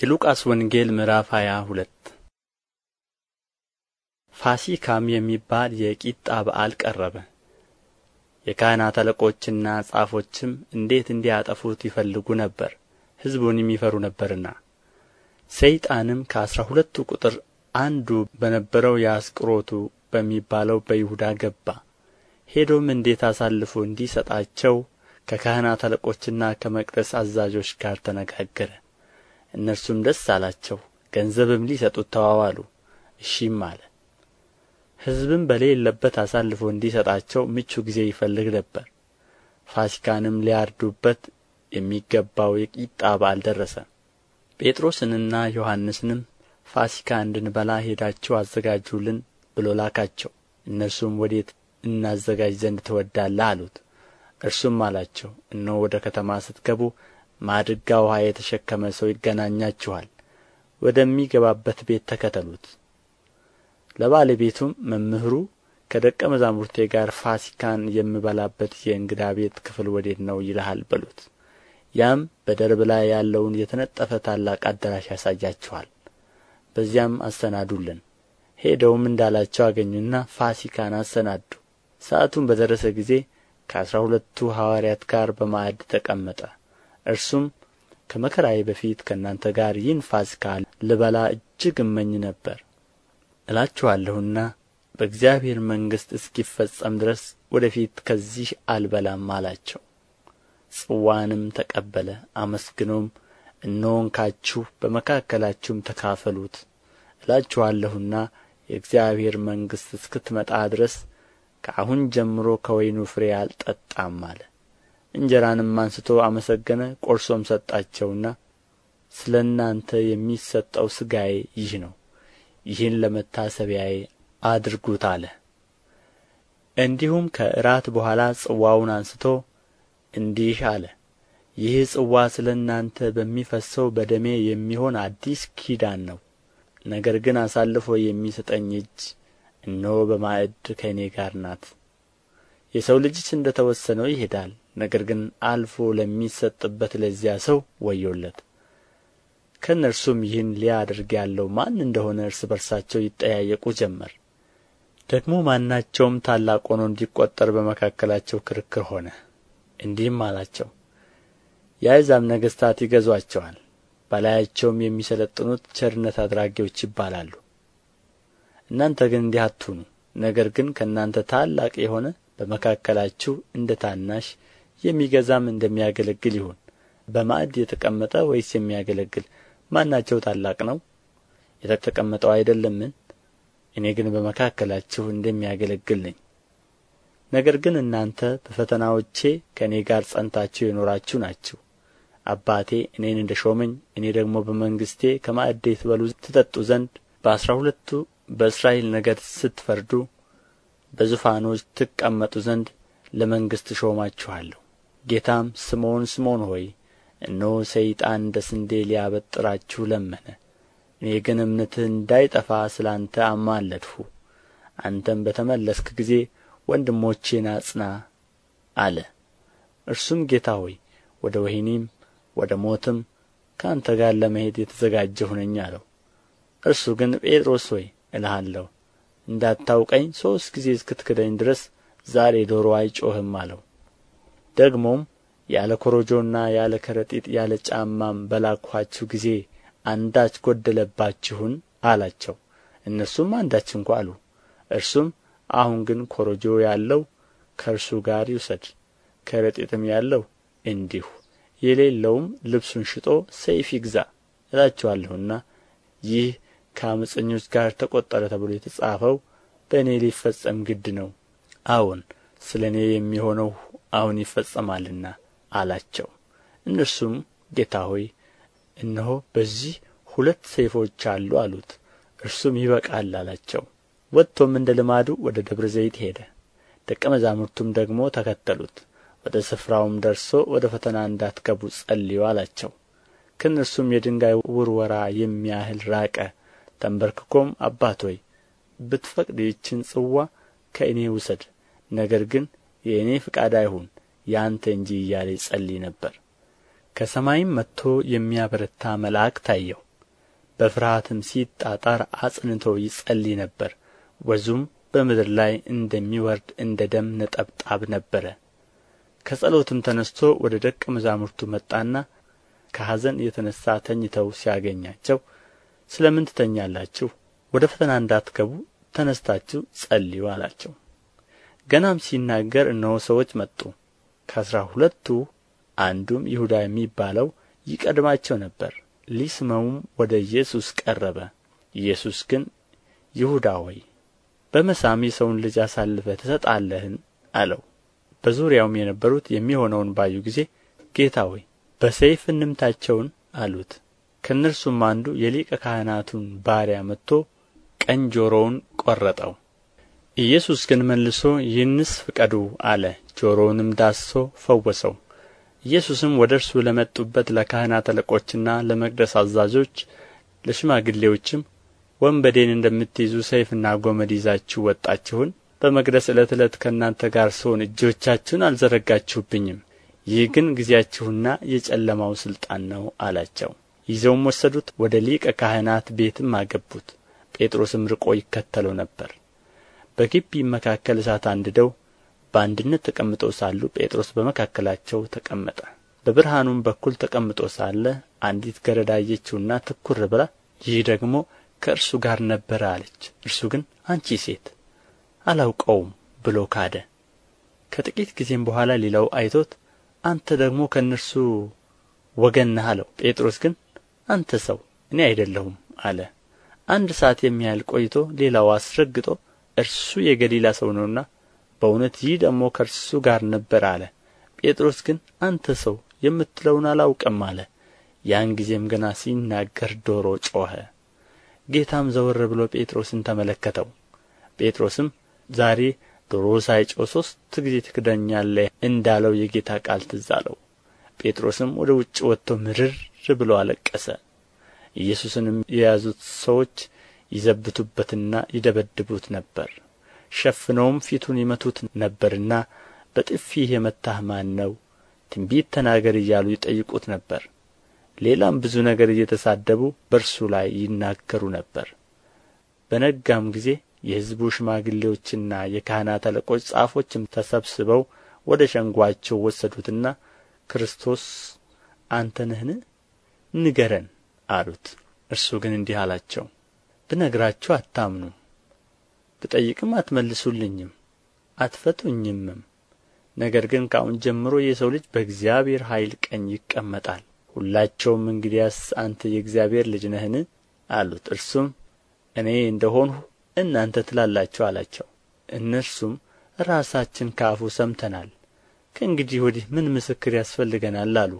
የሉቃስ ወንጌል ምዕራፍ 22 ፋሲካም የሚባል የቂጣ በዓል ቀረበ። የካህናት አለቆችና ጻፎችም እንዴት እንዲያጠፉት ይፈልጉ ነበር፣ ሕዝቡን የሚፈሩ ነበርና። ሰይጣንም ከአሥራ ሁለቱ ቁጥር አንዱ በነበረው የአስቆሮቱ በሚባለው በይሁዳ ገባ። ሄዶም እንዴት አሳልፎ እንዲሰጣቸው ከካህናት አለቆችና ከመቅደስ አዛዦች ጋር ተነጋገረ። እነርሱም ደስ አላቸው ገንዘብም ሊሰጡት ተዋዋሉ እሺም አለ ሕዝብም በሌለበት አሳልፎ እንዲሰጣቸው ምቹ ጊዜ ይፈልግ ነበር ፋሲካንም ሊያርዱበት የሚገባው የቂጣ በዓል ደረሰ ጴጥሮስንና ዮሐንስንም ፋሲካ እንድንበላ ሄዳችሁ አዘጋጁልን ብሎ ላካቸው እነርሱም ወዴት እናዘጋጅ ዘንድ ትወዳለህ አሉት እርሱም አላቸው እነሆ ወደ ከተማ ስትገቡ ማድጋ ውኃ የተሸከመ ሰው ይገናኛችኋል ወደሚገባበት ቤት ተከተሉት ለባለቤቱም መምህሩ ከደቀ መዛሙርቴ ጋር ፋሲካን የምበላበት የእንግዳ ቤት ክፍል ወዴት ነው ይልሃል በሉት ያም በደርብ ላይ ያለውን የተነጠፈ ታላቅ አዳራሽ ያሳያችኋል በዚያም አሰናዱልን ሄደውም እንዳላቸው አገኙና ፋሲካን አሰናዱ ሰዓቱም በደረሰ ጊዜ ከአሥራ ሁለቱ ሐዋርያት ጋር በማዕድ ተቀመጠ እርሱም ከመከራዬ በፊት ከእናንተ ጋር ይህን ፋሲካ ልበላ እጅግ እመኝ ነበር እላችኋለሁና በእግዚአብሔር መንግሥት እስኪፈጸም ድረስ ወደ ፊት ከዚህ አልበላም አላቸው ጽዋንም ተቀበለ አመስግኖም እነሆ እንካችሁ በመካከላችሁም ተካፈሉት እላችኋለሁና የእግዚአብሔር መንግሥት እስክትመጣ ድረስ ከአሁን ጀምሮ ከወይኑ ፍሬ አልጠጣም አለ እንጀራንም አንስቶ አመሰገነ ቆርሶም ሰጣቸውና ስለ እናንተ የሚሰጠው ሥጋዬ ይህ ነው ይህን ለመታሰቢያዬ አድርጉት አለ እንዲሁም ከእራት በኋላ ጽዋውን አንስቶ እንዲህ አለ ይህ ጽዋ ስለ እናንተ በሚፈሰው በደሜ የሚሆን አዲስ ኪዳን ነው ነገር ግን አሳልፎ የሚሰጠኝ እጅ እነሆ በማዕድ ከእኔ ጋር ናት የሰው ልጅስ እንደ ተወሰነው ይሄዳል ነገር ግን አልፎ ለሚሰጥበት ለዚያ ሰው ወዮለት ከእነርሱም ይህን ሊያደርግ ያለው ማን እንደሆነ እርስ በርሳቸው ይጠያየቁ ጀመር ደግሞ ማናቸውም ታላቅ ሆኖ እንዲቆጠር በመካከላቸው ክርክር ሆነ እንዲህም አላቸው የአሕዛብ ነገሥታት ይገዟቸዋል፣ በላያቸውም የሚሰለጥኑት ቸርነት አድራጊዎች ይባላሉ እናንተ ግን እንዲህ አትሁኑ ነገር ግን ከእናንተ ታላቅ የሆነ በመካከላችሁ እንደ ታናሽ የሚገዛም እንደሚያገለግል ይሁን በማዕድ የተቀመጠ ወይስ የሚያገለግል ማናቸው ታላቅ ነው የተቀመጠው አይደለምን እኔ ግን በመካከላችሁ እንደሚያገለግል ነኝ ነገር ግን እናንተ በፈተናዎቼ ከእኔ ጋር ጸንታችሁ የኖራችሁ ናችሁ አባቴ እኔን እንደ ሾመኝ እኔ ደግሞ በመንግሥቴ ከማዕዴ ትበሉ ትጠጡ ዘንድ በአሥራ ሁለቱ በእስራኤል ነገድ ስትፈርዱ በዙፋኖች ትቀመጡ ዘንድ ለመንግሥት እሾማችኋለሁ ጌታም ስምዖን ስምዖን ሆይ እነሆ ሰይጣን እንደ ስንዴ ሊያበጥራችሁ ለመነ እኔ ግን እምነትህ እንዳይጠፋ ስለ አንተ አማለድሁ አንተም በተመለስክ ጊዜ ወንድሞቼን አጽና አለ እርሱም ጌታ ሆይ ወደ ወህኒም ወደ ሞትም ከአንተ ጋር ለመሄድ የተዘጋጀሁ ነኝ አለው እርሱ ግን ጴጥሮስ ሆይ እልሃለሁ እንዳታውቀኝ ሦስት ጊዜ እስክትክደኝ ድረስ ዛሬ ዶሮ አይጮህም አለው ደግሞም ያለ ኮረጆና ያለ ከረጢት ያለ ጫማም በላኳችሁ ጊዜ አንዳች ጎደለባችሁን አላቸው እነርሱም አንዳች እንኳ አሉ እርሱም አሁን ግን ኮረጆ ያለው ከእርሱ ጋር ይውሰድ ከረጢትም ያለው እንዲሁ የሌለውም ልብሱን ሽጦ ሰይፍ ይግዛ እላችኋለሁና ይህ ከአመፀኞች ጋር ተቆጠረ ተብሎ የተጻፈው በእኔ ሊፈጸም ግድ ነው አዎን ስለ እኔ የሚሆነው አሁን ይፈጸማልና አላቸው እነርሱም ጌታ ሆይ እነሆ በዚህ ሁለት ሰይፎች አሉ አሉት እርሱም ይበቃል አላቸው ወጥቶም እንደ ልማዱ ወደ ደብረ ዘይት ሄደ ደቀ መዛሙርቱም ደግሞ ተከተሉት ወደ ስፍራውም ደርሶ ወደ ፈተና እንዳትገቡ ጸልዩ አላቸው ከእነርሱም የድንጋይ ውርወራ የሚያህል ራቀ ተንበርክኮም አባት ሆይ ብትፈቅድ ይችን ጽዋ ከእኔ ውሰድ ነገር ግን የእኔ ፈቃድ አይሁን የአንተ እንጂ እያለ ይጸልይ ነበር ከሰማይም መጥቶ የሚያበረታ መልአክ ታየው በፍርሃትም ሲጣጣር አጽንቶ ይጸልይ ነበር ወዙም በምድር ላይ እንደሚወርድ እንደ ደም ነጠብጣብ ነበረ ከጸሎትም ተነስቶ ወደ ደቀ መዛሙርቱ መጣና ከሐዘን የተነሳ ተኝተው ሲያገኛቸው ስለ ምን ትተኛላችሁ ወደ ፈተና እንዳትገቡ ተነስታችሁ ጸልዩ አላቸው ገናም ሲናገር እነሆ ሰዎች መጡ ከአስራ ሁለቱ አንዱም ይሁዳ የሚባለው ይቀድማቸው ነበር ሊስመውም ወደ ኢየሱስ ቀረበ ኢየሱስ ግን ይሁዳ ሆይ በመሳም የሰውን ልጅ አሳልፈ ትሰጣለህን አለው በዙሪያውም የነበሩት የሚሆነውን ባዩ ጊዜ ጌታ ሆይ በሰይፍ እንምታቸውን አሉት ከእነርሱም አንዱ የሊቀ ካህናቱን ባሪያ መጥቶ ቀኝ ጆሮውን ቈረጠው ኢየሱስ ግን መልሶ ይህንስ ፍቀዱ አለ ጆሮውንም ዳስሶ ፈወሰው ኢየሱስም ወደ እርሱ ለመጡበት ለካህናት አለቆችና ለመቅደስ አዛዦች ለሽማግሌዎችም ወንበዴን እንደምትይዙ ሰይፍና ጐመድ ይዛችሁ ወጣችሁን? በመቅደስ ዕለት ዕለት ከእናንተ ጋር ስሆን እጆቻችሁን አልዘረጋችሁብኝም። ይህ ግን ጊዜያችሁና የጨለማው ሥልጣን ነው አላቸው። ይዘውም ወሰዱት፣ ወደ ሊቀ ካህናት ቤትም አገቡት። ጴጥሮስም ርቆ ይከተለው ነበር። በግቢም መካከል እሳት አንድደው በአንድነት ተቀምጠው ሳሉ ጴጥሮስ በመካከላቸው ተቀመጠ። በብርሃኑም በኩል ተቀምጦ ሳለ አንዲት ገረዳ አየችውና ትኩር ብላ ይህ ደግሞ ከእርሱ ጋር ነበረ አለች። እርሱ ግን አንቺ ሴት አላውቀውም ብሎ ካደ። ከጥቂት ጊዜም በኋላ ሌላው አይቶት አንተ ደግሞ ከእነርሱ ወገን ነህ አለው። ጴጥሮስ ግን አንተ ሰው እኔ አይደለሁም አለ። አንድ ሰዓት የሚያህል ቆይቶ ሌላው አስረግጦ እርሱ የገሊላ ሰው ነውና በእውነት ይህ ደግሞ ከእርሱ ጋር ነበር አለ ጴጥሮስ ግን አንተ ሰው የምትለውን አላውቅም አለ ያን ጊዜም ገና ሲናገር ዶሮ ጮኸ ጌታም ዘወር ብሎ ጴጥሮስን ተመለከተው ጴጥሮስም ዛሬ ዶሮ ሳይጮህ ሦስት ጊዜ ትክደኛለህ እንዳለው የጌታ ቃል ትዝ አለው ጴጥሮስም ወደ ውጭ ወጥቶ ምርር ብሎ አለቀሰ ኢየሱስንም የያዙት ሰዎች ይዘብቱበትና ይደበድቡት ነበር ሸፍነውም ፊቱን ይመቱት ነበርና በጥፊህ የመታህ ማን ነው ትንቢት ተናገር እያሉ ይጠይቁት ነበር ሌላም ብዙ ነገር እየተሳደቡ በእርሱ ላይ ይናገሩ ነበር በነጋም ጊዜ የሕዝቡ ሽማግሌዎችና የካህናት አለቆች ጻፎችም ተሰብስበው ወደ ሸንጓቸው ወሰዱትና ክርስቶስ አንተ ነህን ንገረን አሉት እርሱ ግን እንዲህ አላቸው ብነግራችሁ አታምኑ ብጠይቅም አትመልሱልኝም፣ አትፈቱኝምም። ነገር ግን ከአሁን ጀምሮ የሰው ልጅ በእግዚአብሔር ኃይል ቀኝ ይቀመጣል። ሁላቸውም እንግዲያስ አንተ የእግዚአብሔር ልጅ ነህን? አሉት። እርሱም እኔ እንደሆንሁ እናንተ ትላላችሁ አላቸው። እነርሱም ራሳችን ከአፉ ሰምተናል፣ ከእንግዲህ ወዲህ ምን ምስክር ያስፈልገናል? አሉ።